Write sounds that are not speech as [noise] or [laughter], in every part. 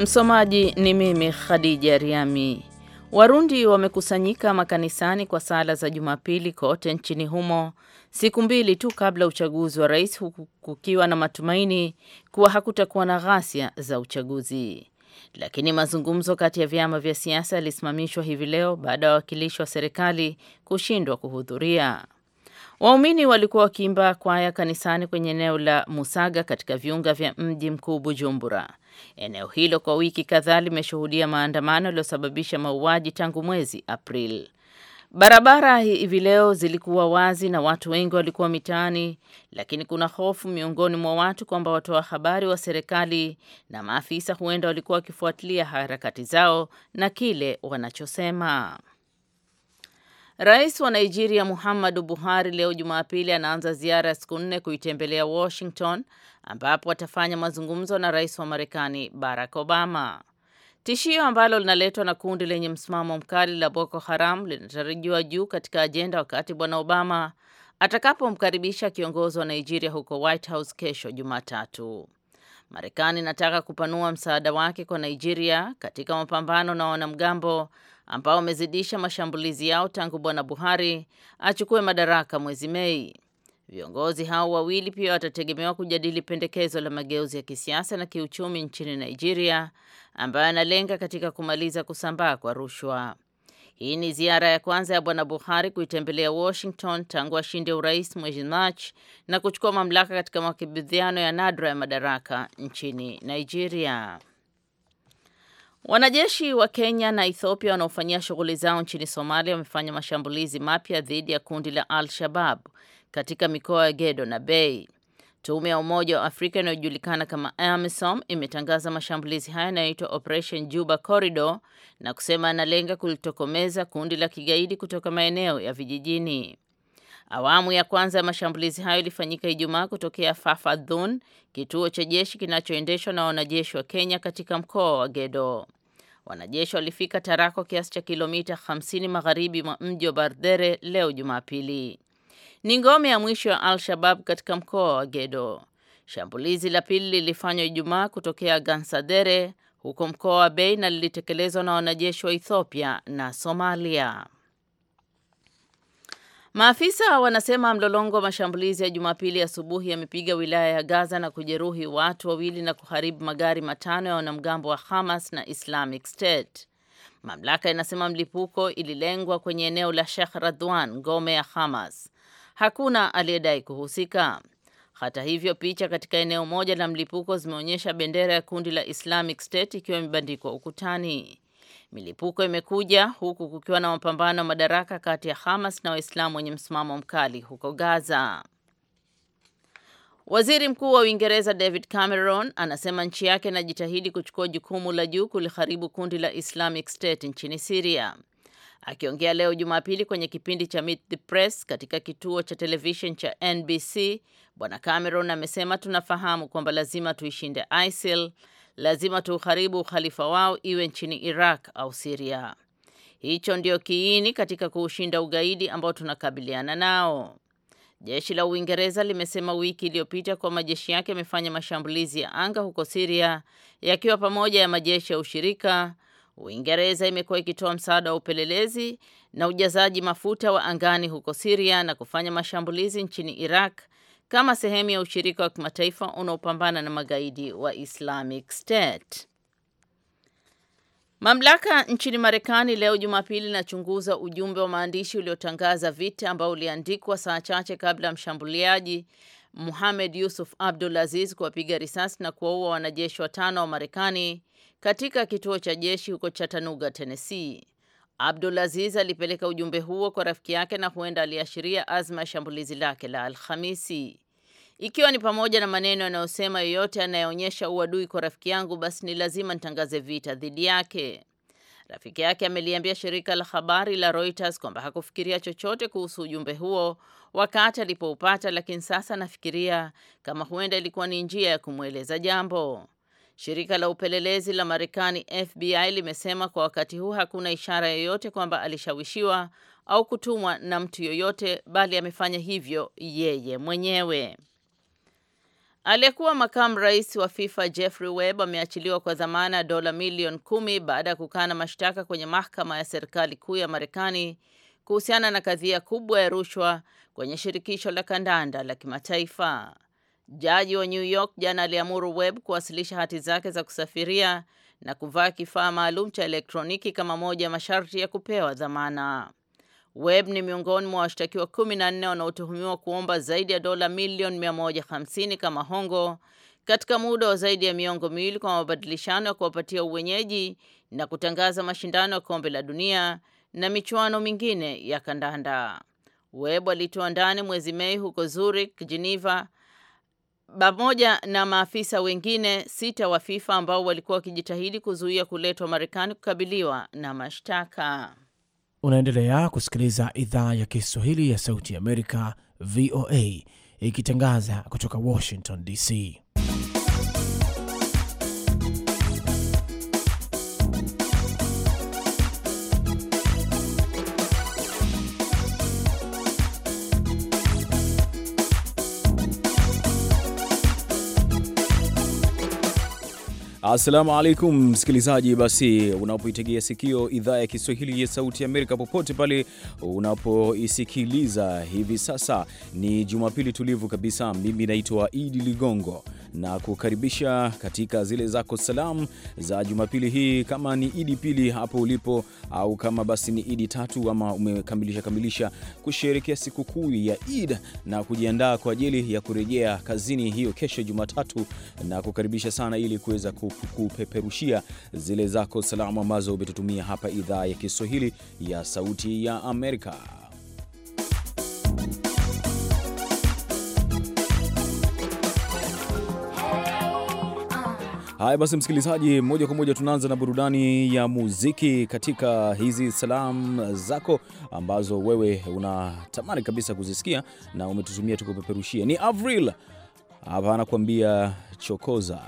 Msomaji ni mimi Khadija Riami. Warundi wamekusanyika makanisani kwa sala za Jumapili kote nchini humo siku mbili tu kabla uchaguzi wa rais, huku kukiwa na matumaini kuwa hakutakuwa na ghasia za uchaguzi. Lakini mazungumzo kati ya vyama vya siasa yalisimamishwa hivi leo baada ya wawakilishi wa serikali kushindwa kuhudhuria. Waumini walikuwa wakiimba kwaya kanisani kwenye eneo la Musaga katika viunga vya mji mkuu Bujumbura. Eneo hilo kwa wiki kadhaa limeshuhudia maandamano yaliyosababisha mauaji tangu mwezi Aprili. Barabara hivi leo zilikuwa wazi na watu wengi walikuwa mitaani, lakini kuna hofu miongoni mwa watu kwamba watoa habari wa serikali na maafisa huenda walikuwa wakifuatilia harakati zao na kile wanachosema. Rais wa Nigeria Muhammadu Buhari leo Jumapili anaanza ziara ya siku nne kuitembelea Washington ambapo atafanya mazungumzo na rais wa Marekani Barack Obama. Tishio ambalo linaletwa na kundi lenye msimamo mkali la Boko Haram linatarajiwa juu katika ajenda wakati bwana Obama atakapomkaribisha kiongozi wa Nigeria huko White House kesho Jumatatu. Marekani inataka kupanua msaada wake kwa Nigeria katika mapambano na wanamgambo ambao wamezidisha mashambulizi yao tangu bwana Buhari achukue madaraka mwezi Mei. Viongozi hao wawili pia watategemewa kujadili pendekezo la mageuzi ya kisiasa na kiuchumi nchini Nigeria ambayo analenga katika kumaliza kusambaa kwa rushwa. Hii ni ziara ya kwanza ya bwana Buhari kuitembelea Washington tangu ashinde urais mwezi Machi na kuchukua mamlaka katika makabidhiano ya nadra ya madaraka nchini Nigeria. Wanajeshi wa Kenya na Ethiopia wanaofanyia shughuli zao nchini Somalia wamefanya mashambulizi mapya dhidi ya kundi la Al-Shabab katika mikoa ya Gedo na Bay. Tume ya Umoja wa Afrika inayojulikana kama AMISOM imetangaza mashambulizi haya yanayoitwa Operation Juba Corridor na kusema analenga kulitokomeza kundi la kigaidi kutoka maeneo ya vijijini. Awamu ya kwanza ya mashambulizi hayo ilifanyika Ijumaa kutokea Fafadhun, kituo cha jeshi kinachoendeshwa na wanajeshi wa Kenya katika mkoa wa Gedo. Wanajeshi walifika Tarako, kiasi cha kilomita 50 magharibi mwa mji wa Bardere leo Jumapili. Ni ngome ya mwisho ya Al-Shabab katika mkoa wa Gedo. Shambulizi la pili lilifanywa Ijumaa kutokea Gansadere huko mkoa wa bei na lilitekelezwa na wanajeshi wa Ethiopia na Somalia. Maafisa wanasema mlolongo wa mashambulizi ya Jumapili asubuhi ya yamepiga wilaya ya Gaza na kujeruhi watu wawili na kuharibu magari matano ya wanamgambo wa Hamas na Islamic State. Mamlaka inasema mlipuko ililengwa kwenye eneo la Sheikh Radwan, ngome ya Hamas. Hakuna aliyedai kuhusika. Hata hivyo, picha katika eneo moja la mlipuko zimeonyesha bendera ya kundi la Islamic State ikiwa imebandikwa ukutani. Milipuko imekuja huku kukiwa na mapambano madaraka kati ya Hamas na Waislamu wenye msimamo mkali huko Gaza. Waziri Mkuu wa Uingereza David Cameron anasema nchi yake inajitahidi kuchukua jukumu la juu kuliharibu kundi la Islamic State nchini siria Akiongea leo Jumapili kwenye kipindi cha Meet the Press katika kituo cha televishen cha NBC, Bwana Cameron amesema tunafahamu kwamba lazima tuishinde ISIL lazima tuuharibu ukhalifa wao, iwe nchini Iraq au Siria. Hicho ndio kiini katika kuushinda ugaidi ambao tunakabiliana nao. Jeshi la Uingereza limesema wiki iliyopita kuwa majeshi yake yamefanya mashambulizi ya anga huko Siria yakiwa pamoja ya majeshi ya ushirika. Uingereza imekuwa ikitoa msaada wa upelelezi na ujazaji mafuta wa angani huko Siria na kufanya mashambulizi nchini Iraq kama sehemu ya ushirika wa kimataifa unaopambana na magaidi wa Islamic State. Mamlaka nchini Marekani leo Jumapili inachunguza ujumbe wa maandishi uliotangaza vita ambao uliandikwa saa chache kabla ya mshambuliaji Muhamed Yusuf Abdul Aziz kuwapiga risasi na kuwaua wanajeshi watano wa Marekani katika kituo cha jeshi huko Chattanooga, Tennessee. Abdulaziz alipeleka ujumbe huo kwa rafiki yake na huenda aliashiria azma ya shambulizi lake la Alhamisi, ikiwa ni pamoja na maneno yanayosema yoyote anayeonyesha uadui kwa rafiki yangu, basi ni lazima nitangaze vita dhidi yake. Rafiki yake ameliambia shirika la habari la Reuters kwamba hakufikiria chochote kuhusu ujumbe huo wakati alipoupata, lakini sasa anafikiria kama huenda ilikuwa ni njia ya kumweleza jambo. Shirika la upelelezi la Marekani FBI limesema kwa wakati huu hakuna ishara yoyote kwamba alishawishiwa au kutumwa na mtu yoyote bali amefanya hivyo yeye mwenyewe. Aliyekuwa makamu rais wa FIFA Jeffrey Webb ameachiliwa kwa dhamana ya dola milioni kumi baada ya kukana mashtaka kwenye mahakama ya serikali kuu ya Marekani kuhusiana na kadhia kubwa ya rushwa kwenye shirikisho la kandanda la kimataifa. Jaji wa New York jana aliamuru web kuwasilisha hati zake za kusafiria na kuvaa kifaa maalum cha elektroniki kama moja ya masharti ya kupewa dhamana. web ni miongoni mwa washtakiwa 14 wanaotuhumiwa kuomba zaidi ya dola milioni 150 kama hongo katika muda wa zaidi ya miongo miwili kwa mabadilishano ya kuwapatia uwenyeji na kutangaza mashindano ya kombe la dunia na michuano mingine ya kandanda. web alitoa ndani mwezi Mei huko Zurich, Geneva pamoja na maafisa wengine sita wa FIFA ambao walikuwa wakijitahidi kuzuia kuletwa Marekani kukabiliwa na mashtaka. Unaendelea kusikiliza idhaa ya Kiswahili ya Sauti ya Amerika, VOA, ikitangaza kutoka Washington DC. Assalamu alaikum msikilizaji, basi unapoitegea sikio idhaa ya Kiswahili ya Sauti ya Amerika, popote pale unapoisikiliza hivi sasa, ni Jumapili tulivu kabisa. Mimi naitwa Idi Ligongo na kukaribisha katika zile zako salamu za Jumapili hii, kama ni Idi pili hapo ulipo, au kama basi ni Idi tatu ama umekamilisha kamilisha kusherekea sikukuu ya Idi na kujiandaa kwa ajili ya kurejea kazini hiyo kesho Jumatatu, na kukaribisha sana ili kuweza ku kupeperushia zile zako salamu ambazo umetutumia hapa idhaa ya Kiswahili ya Sauti ya Amerika. Haya basi, msikilizaji, moja kwa moja tunaanza na burudani ya muziki katika hizi salamu zako ambazo wewe unatamani kabisa kuzisikia na umetutumia tukupeperushia. Ni Avril hapa anakuambia chokoza.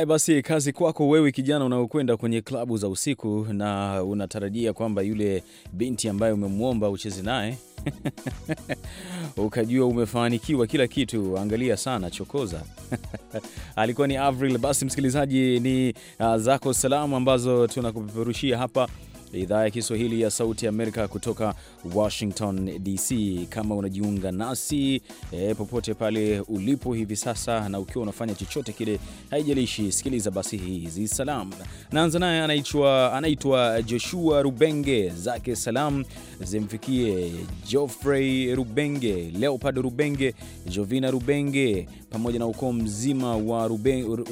Haya basi, kazi kwako wewe kijana unaokwenda kwenye klabu za usiku na unatarajia kwamba yule binti ambaye umemwomba ucheze naye [laughs] ukajua umefanikiwa kila kitu. Angalia sana, chokoza. [laughs] Alikuwa ni Avril. Basi msikilizaji, ni uh, zako salamu ambazo tunakupeperushia hapa idhaa ya Kiswahili ya Sauti ya Amerika kutoka Washington DC. Kama unajiunga nasi e, popote pale ulipo hivi sasa na ukiwa unafanya chochote kile, haijalishi, sikiliza basi hizi salam. Naanza naye anaitwa anaitwa Joshua Rubenge, zake salam zimfikie Geoffrey Rubenge, Leopard Rubenge, Jovina Rubenge pamoja na ukoo mzima wa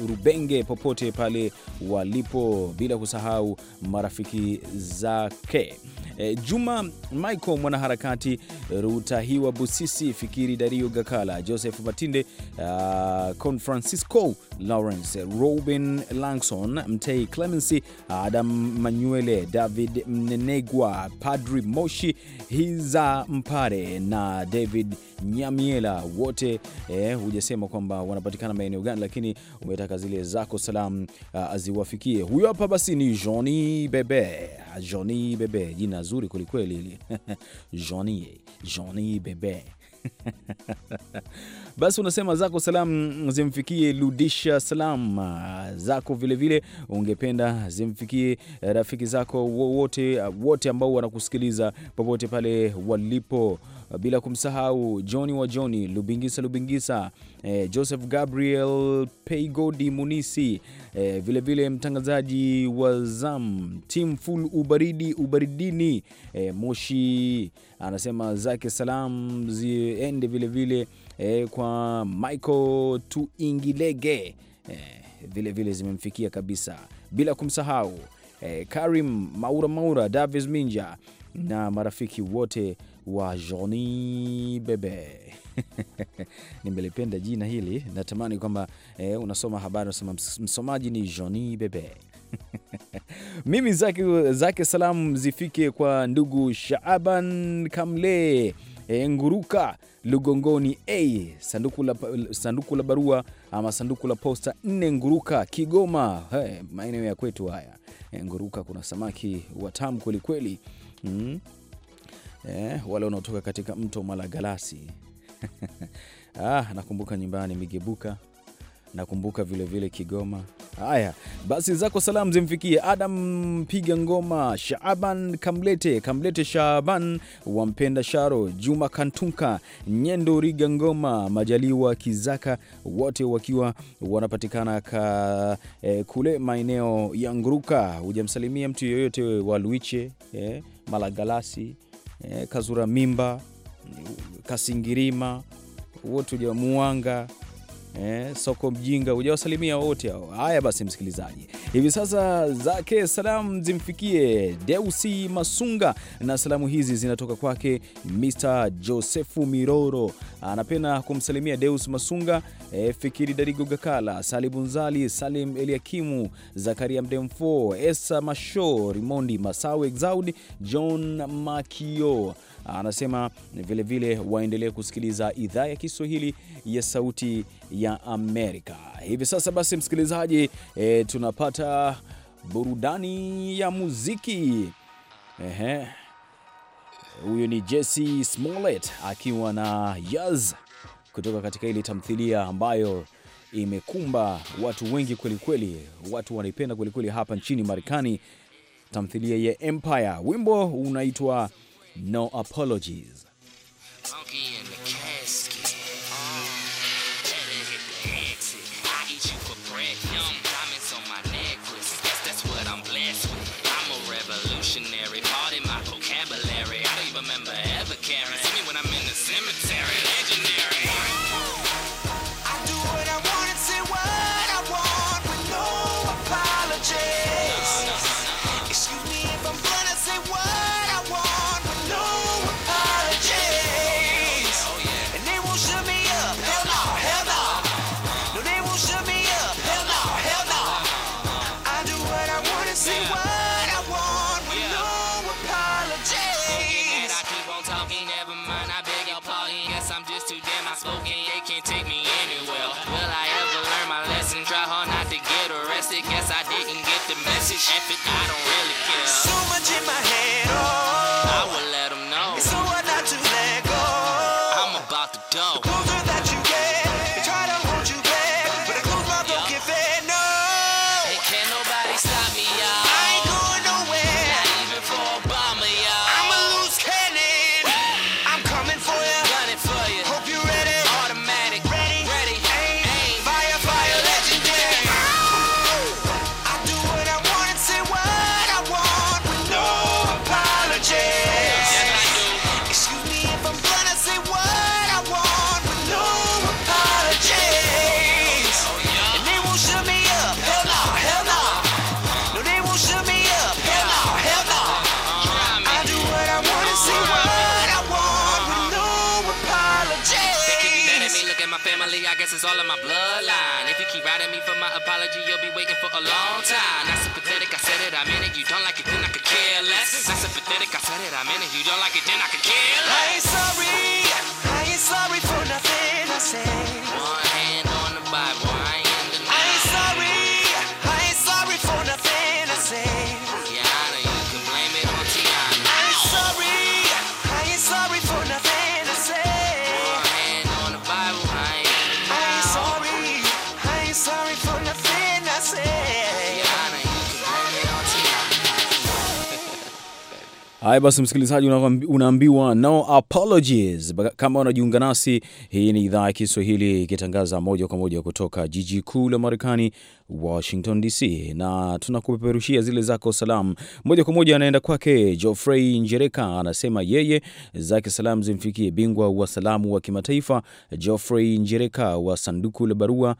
Rubenge popote pale walipo, bila kusahau marafiki zake e, Juma Mike kwingineko, mwanaharakati Rutahiwa Busisi, Fikiri Dario Gakala, Joseph Matinde, uh, Con Francisco Lawrence, Robin Langson, Mtei Clemency, Adam Manuele, David Mnenegwa, Padri Moshi Hiza Mpare na David Nyamiela, wote eh, hujasema eh, kwamba wanapatikana maeneo gani, lakini umetaka zile zako salam uh, ah, ziwafikie. Huyo hapa basi ni Johnny Bebe, ah, Johnny Bebe, jina zuri kwelikweli hili [laughs] Johnny, Johnny Bebe [laughs] Basi unasema zako salam zimfikie Ludisha, salam ah, zako vilevile vile, ungependa zimfikie eh, rafiki zako wote wote ambao wanakusikiliza popote pale walipo bila kumsahau Johnny wa Johnny Lubingisa Lubingisa, eh, Joseph Gabriel Peigodi Munisi, eh, vilevile mtangazaji wa Zam Team Full ubaridi ubaridini, eh, Moshi anasema zake salam ziende vilevile eh, kwa Michael Tuingilege eh, vilevile zimemfikia kabisa, bila kumsahau eh, Karim Maura Maura, Davis Minja na marafiki wote wa Johnny Bebe. [laughs] Nimelipenda jina hili, natamani kwamba eh, unasoma habari unasema msomaji ni Johnny Bebe. [laughs] Mimi zake, zake salamu zifike kwa ndugu Shaaban Kamle E, Nguruka Lugongoni A, sanduku la, sanduku la barua ama sanduku la posta nne Nguruka Kigoma. Hey, maeneo ya kwetu haya e, Nguruka kuna samaki watamu kwelikweli mm eh, wale wanaotoka katika mto Malagalasi. [laughs] Ah, nakumbuka nyumbani Migebuka, nakumbuka vilevile vile Kigoma. Haya basi, zako salamu zimfikie Adam Piga Ngoma, Shaaban Kamlete, Kamlete Shaaban Wampenda, Sharo Juma, Kantunka Nyendo, Riga Ngoma, Majaliwa Kizaka, wote wakiwa wanapatikana ka, eh, kule maeneo ya Nguruka. Hujamsalimia mtu yeyote wa Luiche eh, Malagalasi eh, Kazura Mimba, Kasingirima, wote muwanga Eh, soko mjinga hujawasalimia wote hao. Haya basi, msikilizaji, hivi sasa zake salamu zimfikie Deusi Masunga, na salamu hizi zinatoka kwake Mr. Josefu Miroro. Anapenda kumsalimia Deus Masunga, eh, Fikiri Darigo Gakala, Salibunzali, Salim Eliakimu, Zakaria Mdemfo, Esa Masho, Rimondi Masawe, Exaudi John Makio Anasema vilevile waendelee kusikiliza idhaa ya Kiswahili ya Sauti ya Amerika. Hivi sasa basi, msikilizaji, e, tunapata burudani ya muziki. Ehe, huyu ni Jesse Smollett akiwa na Yaz kutoka katika ile tamthilia ambayo imekumba watu wengi kwelikweli, watu wanaipenda kwelikweli hapa nchini Marekani, tamthilia ya Empire. Wimbo unaitwa no apologies. Okay. message. If it, I don't really care. So much in my head, oh. I will let Lance is all in my bloodline. If you keep riding me for my apology, you'll be waiting for a long time. Not sympathetic, I said it, I meant it. You don't like it, then I could care less. Not sympathetic, I said it, I meant it. You don't like it, then I could care less. I ain't sorry, I ain't sorry for nothing I said. Haya basi, msikilizaji, unaambiwa no apologies. Kama unajiunga nasi, hii ni idhaa ya Kiswahili ikitangaza moja kwa moja kutoka jiji kuu la Marekani, Washington DC, na tunakupeperushia zile zako salam moja kwa moja. Anaenda kwake Geoffrey Njereka, anasema yeye zake salam zimfikie bingwa wa salamu wa kimataifa Geoffrey Njereka wa sanduku la barua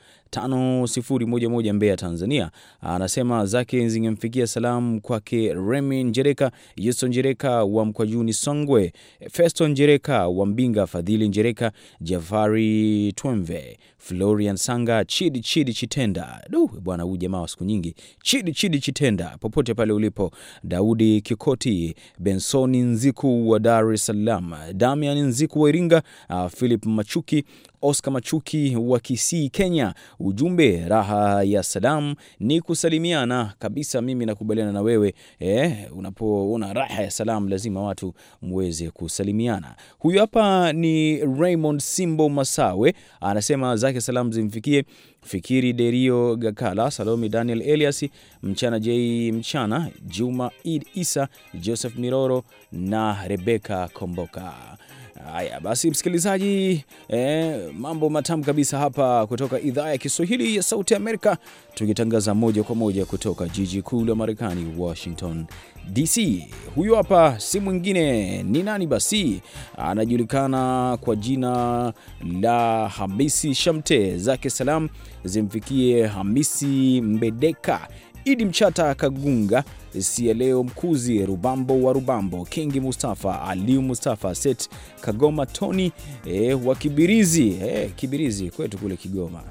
moja Mbeya, Tanzania. Anasema zake zingemfikia salamu kwake Remi Njereka, Yuso Njereka wa Mkwajuni Songwe, Festo Njereka wa Mbinga, Fadhili Njereka, Jafari Twemve Florian Sanga, Chidi Chidi Chitenda, du bwana, huu jamaa wa siku nyingi, Chidi Chidi Chitenda, popote pale ulipo, Daudi Kikoti, Bensoni Nziku wa Dar es Salaam, Damian Nziku wa Iringa, ah, Philip Machuki, Oscar Machuki wa Kisii, Kenya. Ujumbe raha ya salamu ni kusalimiana kabisa. Mimi nakubaliana na wewe eh, unapoona raha ya salam lazima watu muweze kusalimiana. Huyu hapa ni Raymond Simbo Masawe, anasema zake salamu zimfikie Fikiri Derio Gakala, Salomi Daniel Elias, Mchana J Mchana, Juma Eid Isa, Joseph Miroro na Rebeka Komboka. Haya basi, msikilizaji eh, mambo matamu kabisa hapa kutoka idhaa ya Kiswahili ya Sauti Amerika, tukitangaza moja kwa moja kutoka jiji kuu la Marekani, Washington DC. Huyu hapa si mwingine, ni nani basi? Anajulikana kwa jina la Hamisi Shamte, zake salam zimfikie Hamisi Mbedeka Idi Mchata Kagunga, Sialeo Mkuzi, Rubambo wa Rubambo, Kingi Mustafa, Aliu Mustafa, Set Kagoma, Tony e, wa Kibirizi e, Kibirizi kwetu kule Kigoma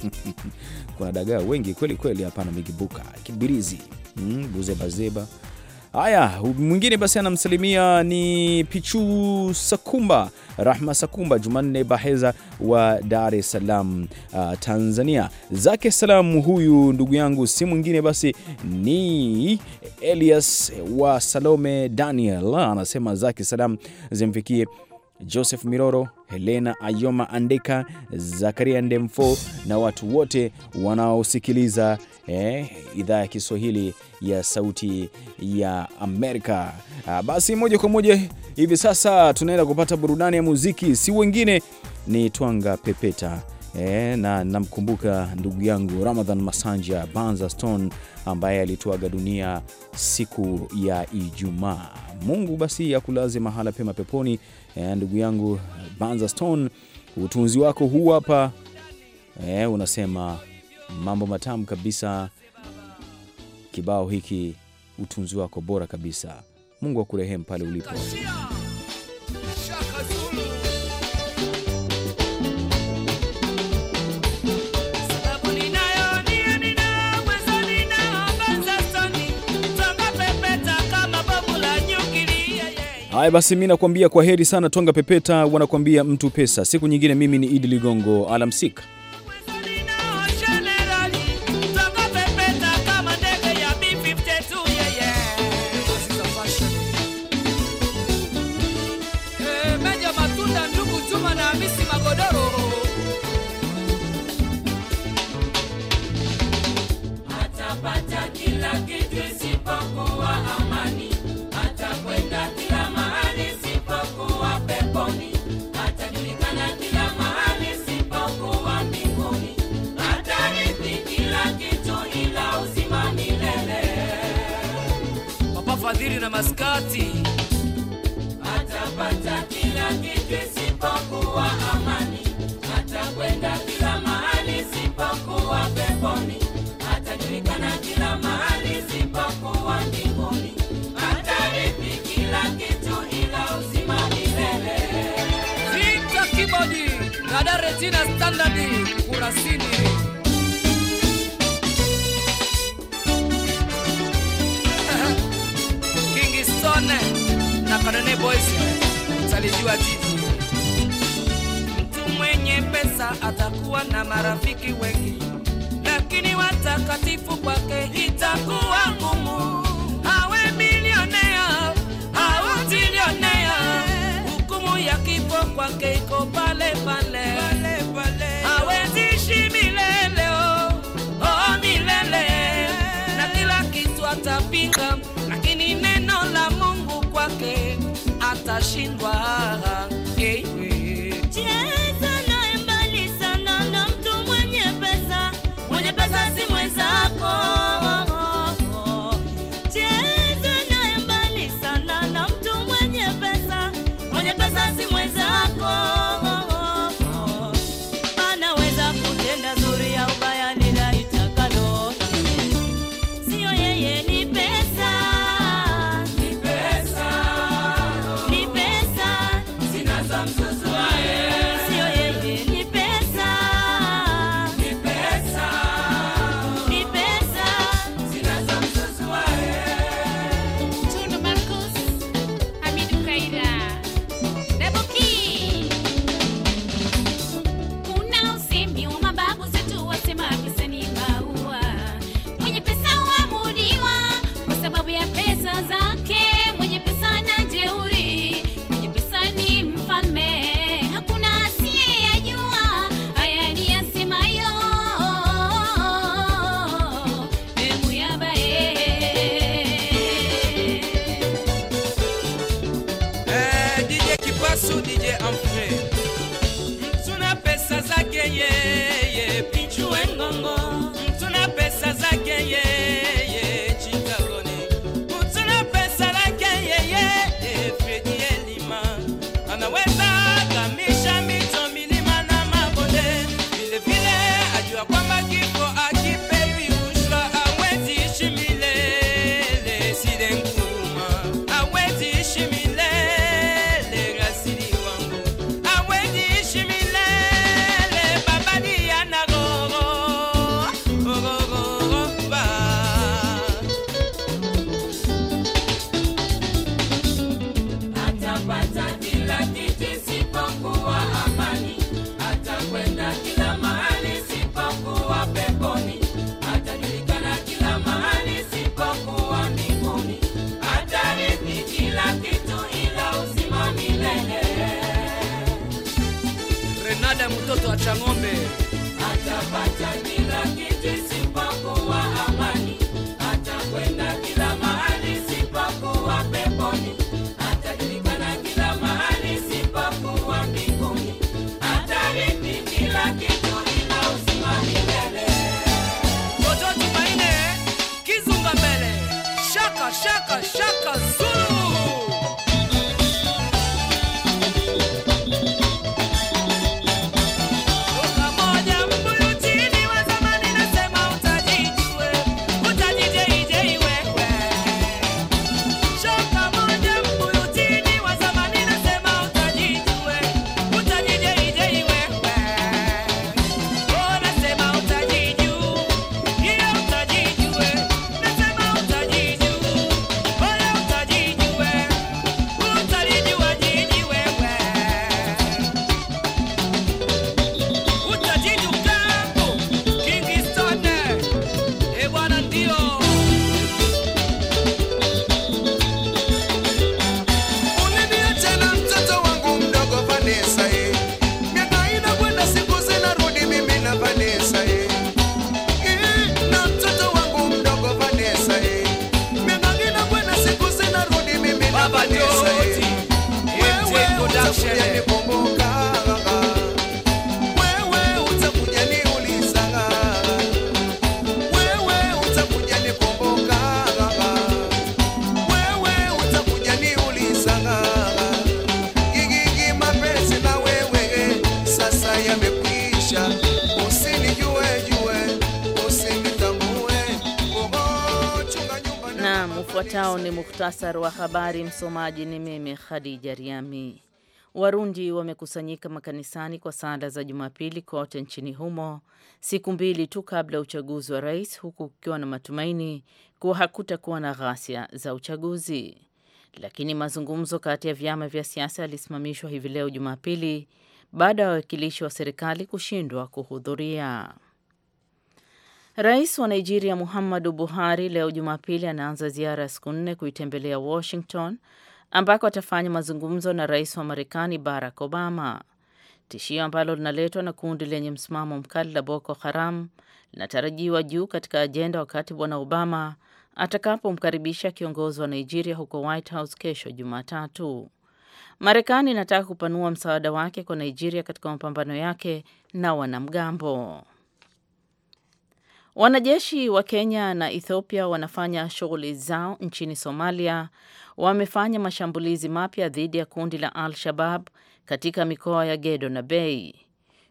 [laughs] kuna dagaa wengi kweli kweli, hapana migibuka Kibirizi mm, buzebazeba Haya, mwingine basi anamsalimia ni Pichu Sakumba, Rahma Sakumba, Jumanne Baheza wa Dar es Salaam, uh, Tanzania. Zake salamu huyu ndugu yangu si mwingine basi ni Elias wa Salome Daniel, anasema zake salamu zimfikie Joseph Miroro, Helena Ayoma Andeka, Zakaria Ndemfo na watu wote wanaosikiliza eh, idhaa ya Kiswahili ya Sauti ya Amerika. Ah, basi moja kwa moja hivi sasa tunaenda kupata burudani ya muziki, si wengine ni Twanga Pepeta. eh, na namkumbuka ndugu yangu Ramadhan Masanja Banza Stone ambaye alituaga dunia siku ya Ijumaa. Mungu basi akulaze mahala pema peponi, Eh, ndugu yangu Banza Stone, utunzi wako huu hapa, eh, unasema mambo matamu kabisa. Kibao hiki utunzi wako bora kabisa. Mungu akurehemu pale ulipo. Haya basi, mi nakuambia kwa heri sana. Tonga Pepeta wanakuambia mtu pesa. Siku nyingine, mimi ni Idi Ligongo, alamsika. Jina Standard kurasini. [laughs] Kingisone na Kanone Boys salijua jivu. Mtu mwenye pesa atakuwa na marafiki wengi, lakini watakatifu kwa wa habari, msomaji ni mimi Khadija Riami. Warundi wamekusanyika makanisani kwa sala za Jumapili kote nchini humo, siku mbili tu kabla ya uchaguzi wa rais, huku kukiwa na matumaini kuwa hakutakuwa na ghasia za uchaguzi. Lakini mazungumzo kati ya vyama vya siasa yalisimamishwa hivi leo Jumapili baada ya wawakilishi wa serikali kushindwa kuhudhuria. Rais wa Nigeria Muhammadu Buhari leo Jumapili anaanza ziara ya siku nne kuitembelea Washington ambako atafanya mazungumzo na rais wa Marekani Barack Obama. Tishio ambalo linaletwa na kundi lenye msimamo mkali la Boko Haram linatarajiwa juu katika ajenda wakati bwana Obama atakapomkaribisha kiongozi wa Nigeria huko White House kesho Jumatatu. Marekani inataka kupanua msaada wake kwa Nigeria katika mapambano yake na wanamgambo. Wanajeshi wa Kenya na Ethiopia wanafanya shughuli zao nchini Somalia. Wamefanya mashambulizi mapya dhidi ya kundi la Al-Shabab katika mikoa ya Gedo na Bay.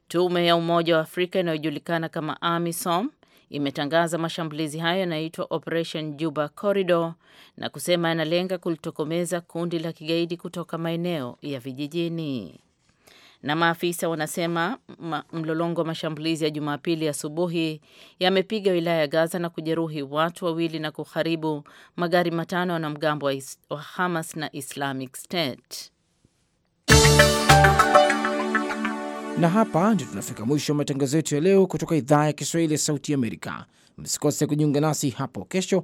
Tume ya Umoja wa Afrika inayojulikana kama AMISOM imetangaza mashambulizi hayo yanayoitwa Operation Juba Corridor na kusema yanalenga kulitokomeza kundi la kigaidi kutoka maeneo ya vijijini na maafisa wanasema mlolongo wa mashambulizi ya Jumapili asubuhi yamepiga wilaya ya Gaza na kujeruhi watu wawili na kuharibu magari matano ya wanamgambo wa Hamas na Islamic State. Na hapa ndio tunafika mwisho wa matangazo yetu ya leo kutoka idhaa ya Kiswahili ya Sauti Amerika. Msikose kujiunga nasi hapo kesho